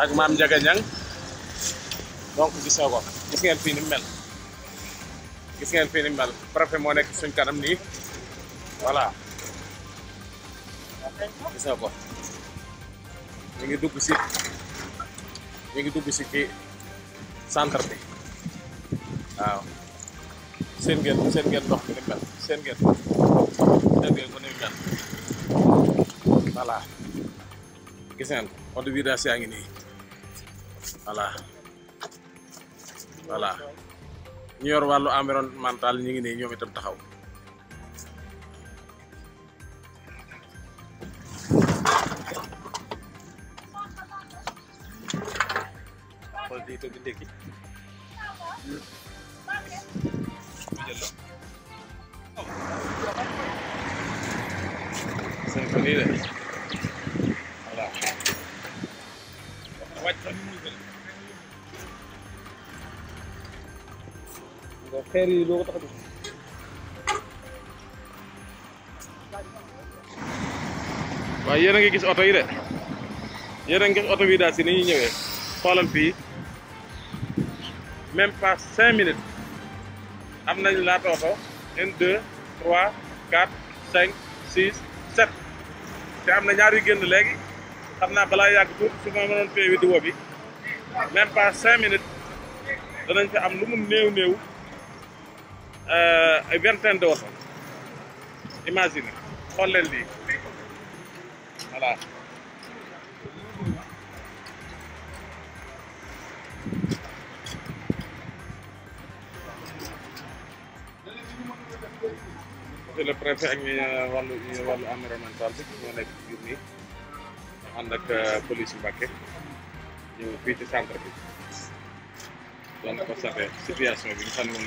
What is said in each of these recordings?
ak mam jaga ñang donc gis nga ko gis ngeen fi ni mel gis ngeen fi ni mel préfet mo nek suñu kanam ni voilà gis nga ko ñi ngi dugg ci ñi ngi dugg ci ci centre bi waaw seen ngeen seen ngeen dox ni mel seen ngeen seen ngeen ko ni mel voilà gis ngeen ko odu vidas yaa ngi nii voilà voilà ñu yor wàllu environnemental ñi ngi ne ñoom itam taxaw xool di tëgg ndékki Thank you. xeer yi doo ko tax a waaye yéen a ngi gis oto yi de yéen a ngi gis oto bi daal si ni ñuy ñëwee xoolal fii même pas cinq minutes am nañ laata oto un deux trois quatre cinq six sept te am na ñaar yu génn léegi xam naa balaa yàgg tuuti su ma mënoon fee vidéo bi même pas cinq minutes danañ fi am lu mu néew néew i euh, vingtaine de oto imagine xool lii voilà monsieur le préfet ak ñu euh, wàllu wàllu environnemental bi ñoo nekk ci biir nii ànd ak euh, police yu fii ci centre bi doon constaté situation bi ñu xam ne moom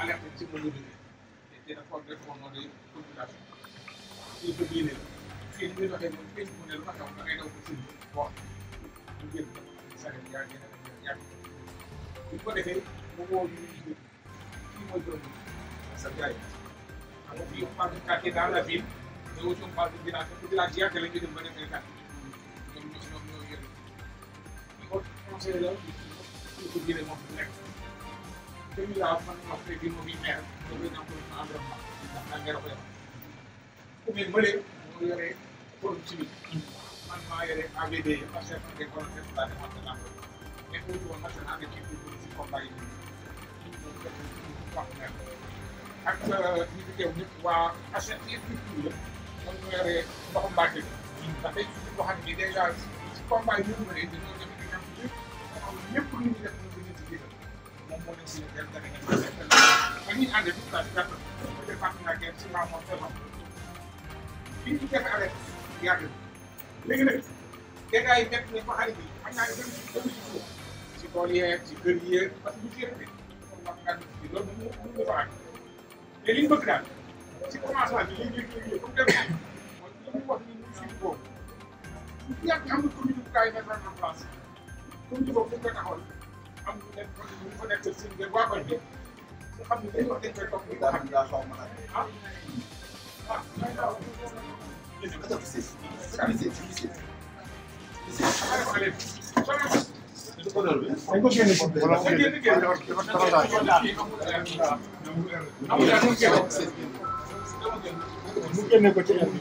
alerte bi ci mën nga dundee te dafa war a def moom moo di population bi ko diine la fii ni muy doxee moom kenn mu ne lu ma xew da ngay daw ko suñu wax ñu génn saret yaa gën a yàgg bu ko defee mu woo ñu ñu kii mooy doon sa jaay xam nga fii on parle de quartier dans la ville mais aussi on parle de village parce que village yàgg la ñu dem ba defee quartier ñoom ñoo ñoom ñoo yëre ñu ko conseil la ñu ko diine moom celui-là man ma fay bi moom it maire le président commission environnement ndax naa maire ko yor commune Mbële moo yore forum civil man maa yore AVD parcelle des colonies de la département mais pour woon national de kii pour si combat yi ak ñi fi teew ñëpp waa infrastructure la moom ñu yore ndoxu Mbacke bi ndax dañ ko xam ni déjà si combat yi ñu mën a dañoo def ñëpp lu ñu def bi ñu defee arrêté yàgg na léegi nag dégâts yi nekk nañ ko xarit bi xam naa ne dem ci dem ci suuf si tool yeeg si kër yeeg parce que bu ci yëkkatee comme wax nga ci loolu mënu mënu ko faral te li ñu bëgg daal si commencement bi liñ liggéey liggéey comme dem mooy li ñu wax ni ñu suñu boobu bu ñu yàgg xam nga commune bu kaay nekk en place commune boobu fu ñu ko taxawal xam ne ñu fa nekk si biir waa koñ bi nga xam ne dañ ko dañ koy topp di xam ne daa xaw ma laaj. ah ah. dañ ko génne foofu dañ ko génne génne mu génne ko ci air bi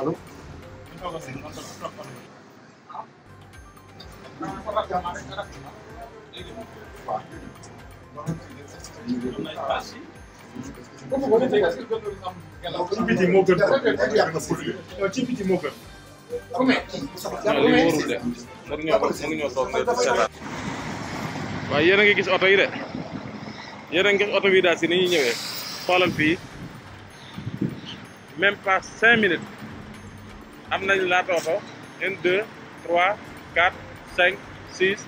allo. Thank you. Cipiti nah, moo gën. Cipiti moo gën. waaye yéen a ngi gis oto yi de yéen a ngi gis oto bi daal si ni ñuy ñëwee xoolam fii même pas cinq minutes am nañ laata oto un deux trois quatre cinq six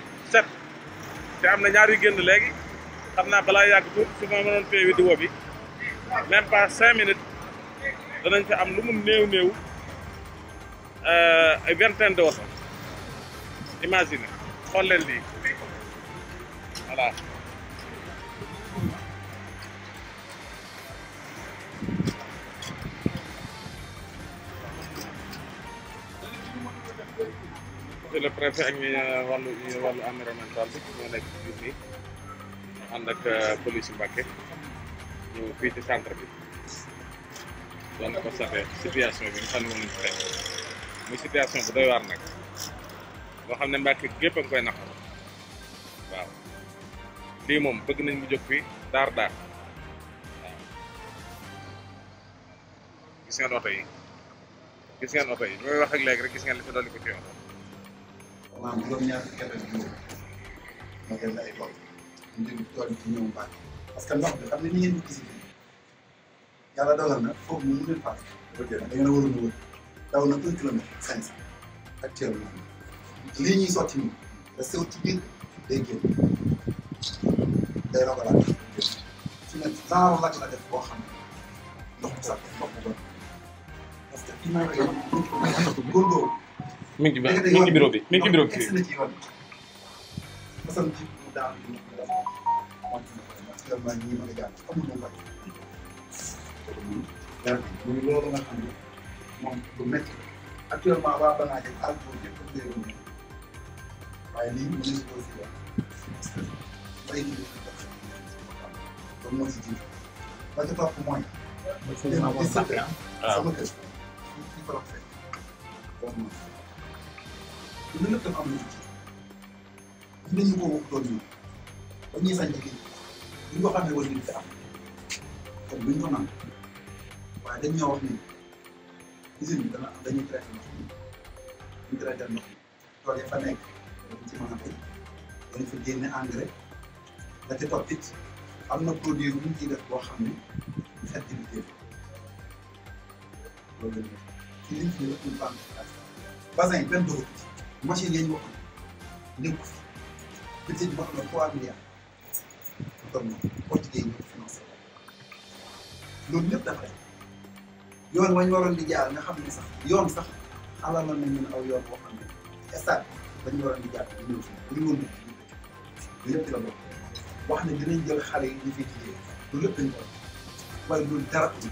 te am na ñaar génn léegi xam naa balaa yàgg tuuti su ma mënoon fee vidéo bi même pas cinq minutes danañ fi am lu mu néew néew euh, ay vingtaine de wasan imagine xool lii voilà le préfet ak wàllu wàllu environnemental bi ñoo nekk ci biir nii ànd ak police Mbàkke ñëw fii ci centre bi doon constaté situation bi nga xam ne moom lañ muy situation bu doy waar nag boo xam ne Mbàkke gépp a ngi koy naqar waaw lii moom bëgg nañ mu jóg fii daar daar gis ngeen oto yi gis ngeen oto yi wax ak léegi rek gis ngeen li fi ko ci yoon maam juróom-ñaar fukki at ak juróom moo dem ay tool ñu jóge ci tool yi ci ñëw Mbacke parce que ndox bi ne ni ngeen di gis na foofu mu mën da ngeen a waroon daw na un kilomètre cinq cent actuellement lii ñuy sotti nii da sew ci biir day génn day rogalaat su ne genre lakk la def boo xam ne ndox bu sax ndox bu bon parce que mi ngi ci mi ngi ci bi mi ngi ci bi. moom lu métti actuellement waa mu waaye lii mu lu lépp dafa am lu ñu ñu ko doon ni ba ñuy sañ liggéey bi ñu ko xamee woon fi am kon buñ ko waaye dañ ñoo wax ni usine bi dana dañuy traité ndox mi ñu fa nekk dañ ci mën a béy dañ fa génne engrais da topp it am na produit mu ñu ciy def boo xam ne fertilité loolu yi benn dugub machine la ñu wax nekk fi budget bi wax na trois milliards toll na portugais yi ñoo ko financé loolu lépp dafa rek yoon wañ waroon di jaar nga xam ne sax yoon sax alaloon nañ ñun aw yoon boo xam ne stade dañu waroon di jaar ñu ñëw fi ñu ñëw ñu lu yëpp la bokk wax ne dinañ jël xale yi ñu fiy jigéen loolu lépp dañu war waaye loolu dara ko ci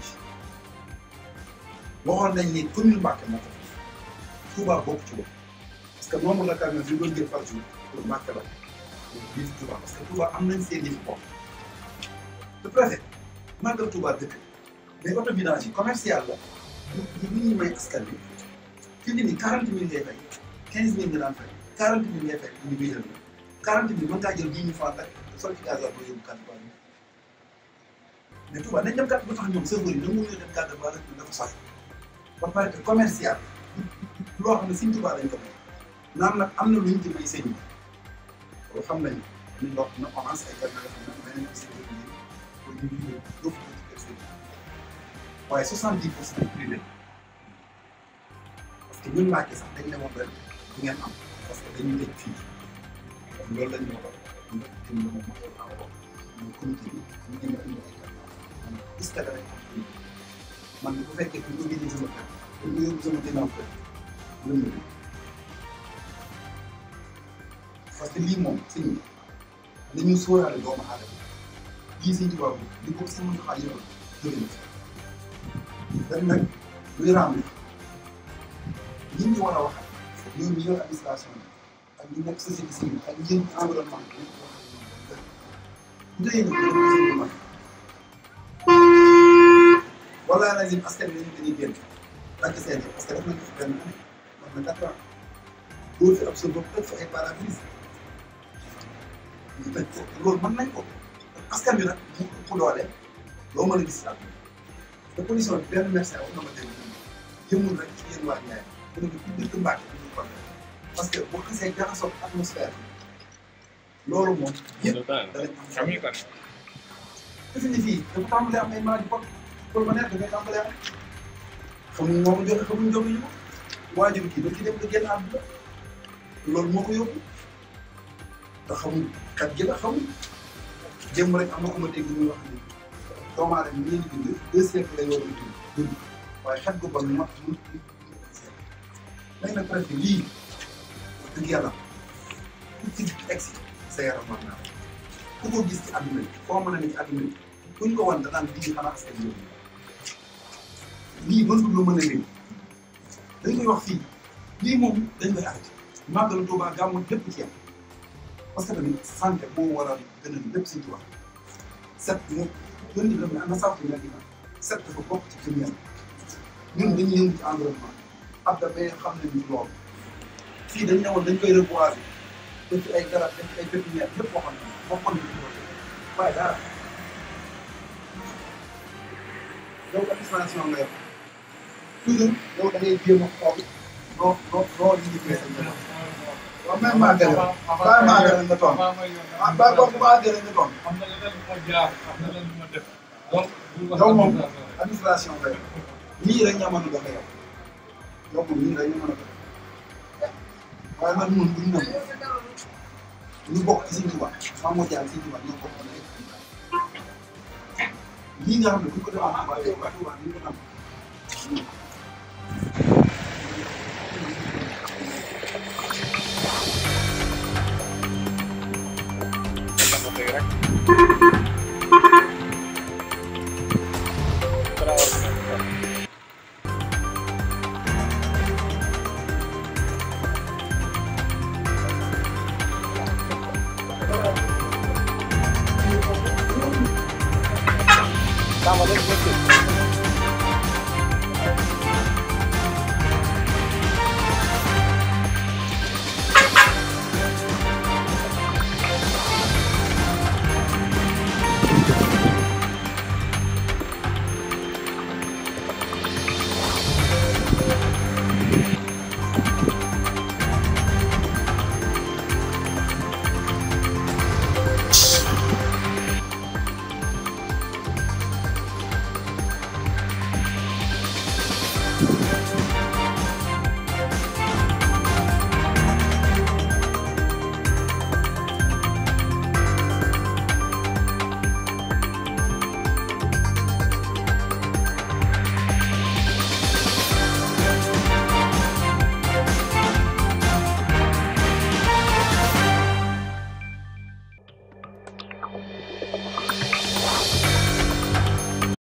waxoon nañ ni commune Mbacke moo ko Touba bokk ci bokk parce que nombre la camion bi doon jël par jour pour Màkka la biir Touba parce que Touba am nañ seen yëfu bopp te préfet màggal Touba dëkk mais oto vidange commercial la ñu ñu ñuy may askan bi fi mu ne nii quarante mille ngay fay quinze mille nga daan fay quarante mille ngay fay ñu biiral la quarante mille mën ngaa jël dix mille a dem gàtt ba rek commercial loo xam ne suñ Touba lañ ko may naan nag am na lu ñu ci may na commencé ay ñu ñu ñëw waaye soixante dix pour cent privé parce que ñun Mbàkke sax dañ ne woon ren du ngeen am parce que dañuy tëj fii kon la ñu waxoon ñu def ci mbir moomu ak wàllu mooy comité bi ñu gën a indi ay gàllankoor est-ce que danañ am man ñu ngi ñu yóbbu parce que lii moom sëñ bi nañu sóoraale doomu aadama lii sëñ Tuubaa li ko sëñ Muntaxaa yëngal jóge na fi dañ nag luy ràmb ñi ñu war a wax ñoom ñi yor administration bi ak ñi nekk société civile ak ñi yëngu environnement bi ñu doon yëngu ñu wala nag ñun askan wi dañuy dañuy génn laajte seen parce que def nañ ko benn année wax na quatre ans boo fi ab sa bopp def fa ay parapluies ñu bañ ko loolu mën nañ ko askan bi nag mu ëpp doole loo ma dégg yëmul rek mu ku dëkk Mbacke que boo loolu moom. ñëpp danañ xam ñu kat. defe ni fii ma nekk dafay tàmbalee am xamuñ moom loolu moo ko yóbbu. te xamuñ kat gi la xamuñ jëm rek am na ku ma dégg muy wax ni doomu aadama ñu waaye xet gu bon mat mu léegi nag préfet lii wax yaram war naa ko gis bi foo mën a ne ci àdduna lii xanaa wax fii moom dañ koy arrêté màggal Tuubaa gàmmu lépp ci parce que tamit santé moo war a gën a lépp suñu tubaab set bi nga ñun di dem na saako ñaari na set dafa bokk ci kër yàlla ñun dañuy yëngu ci environnement ab damay xam nañu lool fii dañ ne woon dañ koy reboiser def ci ay garab def ci ay pépinière lépp waxoon nañu waxoon nañu lool waaye dara yow administration nga yor toujours yow da ngay jéem a xool noo noo noo liggéey sa waaw même maa gën a baax maa gën a nga tontu ah baax boobu maa gën a nga tontu. am na leneen lu ma jaar am na leneen lu ma def. donc donc moom administration rek nii rek ñoo mën a doxee yow donc nii rek ñoo mën a doxee waaye man ñun duñ nangu ñu bokk ci Sëñ Tuubaa Maam Mor Jaara Sëñ Tuubaa ñoo bokk ci lii nga xam ne bu ñu ko defee en tout cas yow ko am. Bravo.